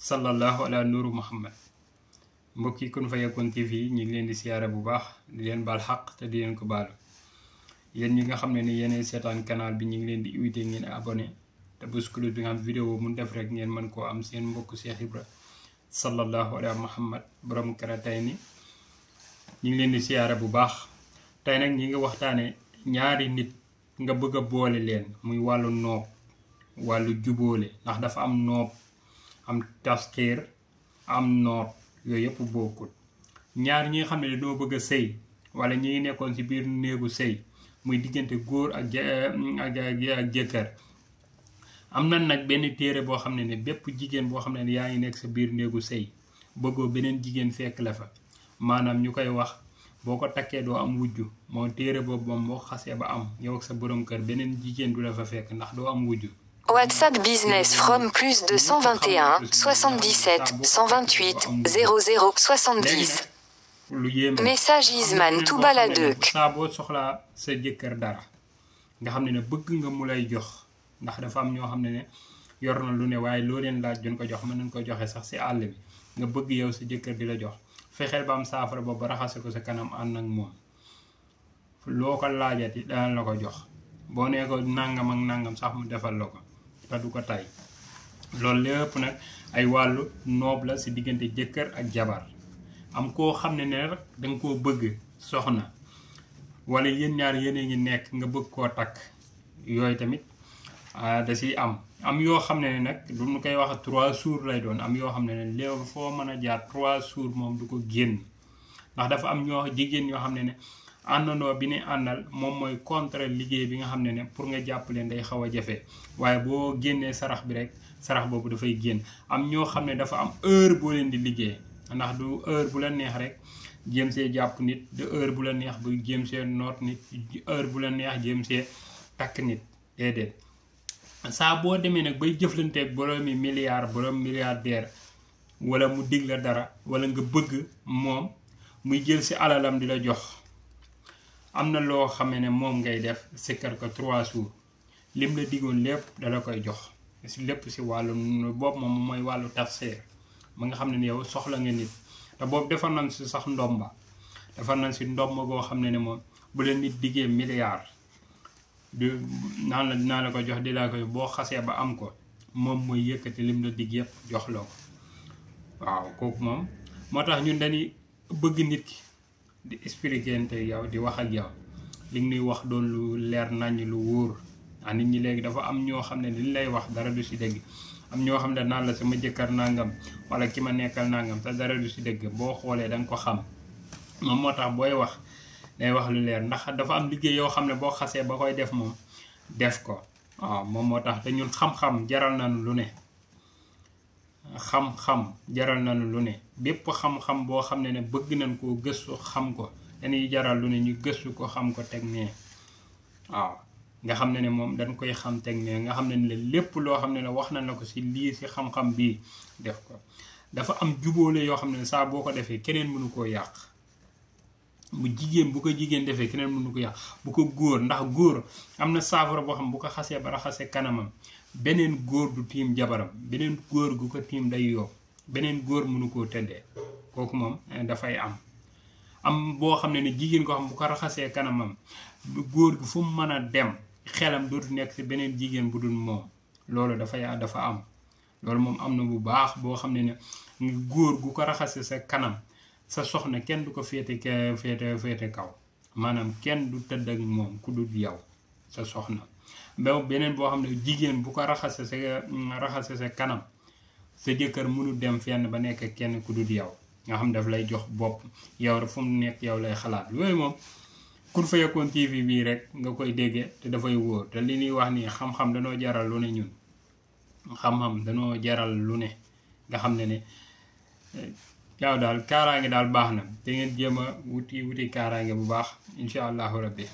sallallahu ala nuru muhammad mbokk yi Kun Fayakoun TV ñu ngi leen di siyaare bu baax di leen baal xaq te di leen ko baalu yéen ñi nga xam ne ni yeneen seetaan kanaal bi ñu ngi leen di invité ngeen abonné te bés close bi nga xam vidéo mu def rek ngeen mën koo am seen mbokk Cheikh Ibra sallallahu ala muhammad borom karatay ni ñu ngi leen di siyaare bu baax tey nag ñi ngi waxtaane ñaari nit nga bëgg a boole leen muy wàllu noob wàllu juboole ndax dafa am noob am taskiir am noot yooyu yëpp bokkul ñaar ñi xam ne dañoo bëgg a sëy wala ñi ngi nekkoon ci biir néegu sëy muy diggante góor eh, ak ak ak jëkkër am na nag benn téere boo xam ne ne bépp jigéen boo xam ne ne yaa ngi nekk sa biir néegu sëy bëggoo beneen jigéen fekk la fa maanaam ñu koy wax boo ko takkee doo am wujju moo téere boobu moom moo xase ba am yow ak sa borom kër beneen jigéen du la fa fekk ndax doo am wujju WhatsApp Business from plus 221 77 128 00 70. Message Isman tout baladëk. saa boo soxlaa sa jëkkër dara nga xam ne ne bëgg nga mu lay jox ndax dafa am ñoo xam ne ne yor na lu ne waaye loo leen laaj duñ ko jox mën nañ ko joxe sax si àll bi nga bëgg yow sa jëkkër di la jox fexeel ba am saafara boobu raxase ko sa kanam ànd ak moom loo ko laajati dana la ko jox boo ne ko nangam ak nangam sax mu defal la ko. te du ko tay lépp nag ay wàllu noob la si diggante jëkkër ak jabar am koo xam ne ne rek da nga koo bëgg soxna wala yéen ñaar yéen a ngi nekk nga bëgg koo takk yooyu tamit ah, da siy am am yoo xam ne ne nag lu nu koy wax trois jours lay doon am yoo xam ne ne léegi foo mën a jaar trois jours moom du ko génn ndax dafa am jigéen yoo xam ne ne àndandoo bi ni àndal moom mooy contre liggéey bi nga xam ne ne pour nga jàpp leen day xaw a jafe waaye boo génnee sarax bi rek sarax boobu dafay génn am ñoo xam ne dafa am heure boo leen di liggéey ndax du heure bu la neex rek jéem see jàpp nit de heure bu la neex bu jéem see noot nit heure bu la neex jéem see takk nit déedéet saa boo demee nag bay jëflanteeg boroomi milliard boroom milliardaire wala mu dig la dara wala nga bëgg moom muy jël si alalam di la jox am na loo xamee ne moom ngay def sikkar ko trois jours lim la diggoon lépp dala koy jox si lépp si wàllu boobu moom mooy wàllu tafsir ma nga xam ne yow soxla nga nit te boobu defar nañ si sax ndomba defar nañ si ndomba boo xam ne ne moom bu leen nit diggee milliard du naan la dinaa la ko jox di laa koy boo xasee ba am ko moom mooy yëkkati lim la digg yëpp jox la ko waaw kooku moom moo tax ñun dañuy bëgg nit ki di expliquer yow di wax ak yow li ñuy wax doon lu leer nañ lu wóor ah nit ñi léegi dafa am ñoo xam ne liñ lay wax dara du si dëgg am ñoo xam ne naan la sama jëkkër nangam wala ki ma nekkal nangam te dara du si dëgg boo xoolee danga nga ko xam moom moo tax booy wax day wax lu leer ndax dafa am liggéey yoo xam ne boo xasee ba koy def moom def ko waaw ah, moom moo tax te ñun xam-xam jaral nañu lu ne. xam-xam jaral nañu lu ne bépp xam-xam boo xam ne ne bëgg nañ koo gëstu xam ko dañuy jaral lu ne ñu gëstu ko xam ko teg nee waaw nga xam ne ne moom dañ koy xam teg nee nga xam ne ne lépp loo xam ne ne wax nañ na ko si lii si xam-xam bii def ko dafa am jubóole yoo xam ne saa boo ko defee keneen mënu koo yàq bu jigéen bu ko jigéen defee keneen mënu ko yàq bu ko góor ndax góor am na saafara boo xam bu ko xasee ba raxasee kanamam beneen góor du tiim jabaram beneen góor gu ko tiim day yoo beneen góor munu koo tëddee kooku moom eh, dafay am am boo xam ne ni jigéen ko xam bu ko raxasee kanamam góor gi fu mën a dem xelam dootu nekk si beneen jigéen bu dul moom loolu dafay dafa am loolu moom am na bu baax boo xam ne ne góor gu ko raxasee sa kanam sa soxna kenn du ko féete féete féete kaw maanaam kenn du tëdd ak moom ku dul yow sa soxna ba beneen boo xam ne jigéen bu ko raxase sa mm, raxase sa kanam sa jëkkër mënul dem fenn ba nekk kenn ku dul yow nga xam ne daf lay jox bopp yow fu mu nekk yow lay xalaat yooyu moom Kun bii rek nga koy déggee te dafay wóor te li ñuy nii xam-xam danoo jaral lu ne ñun xam-xam danoo jaral lu ne nga xam ne ne eh, yow daal kaaraange daal baax na te ngeen jéem a wuti wuti kaaraange bu baax incha allahu rabbi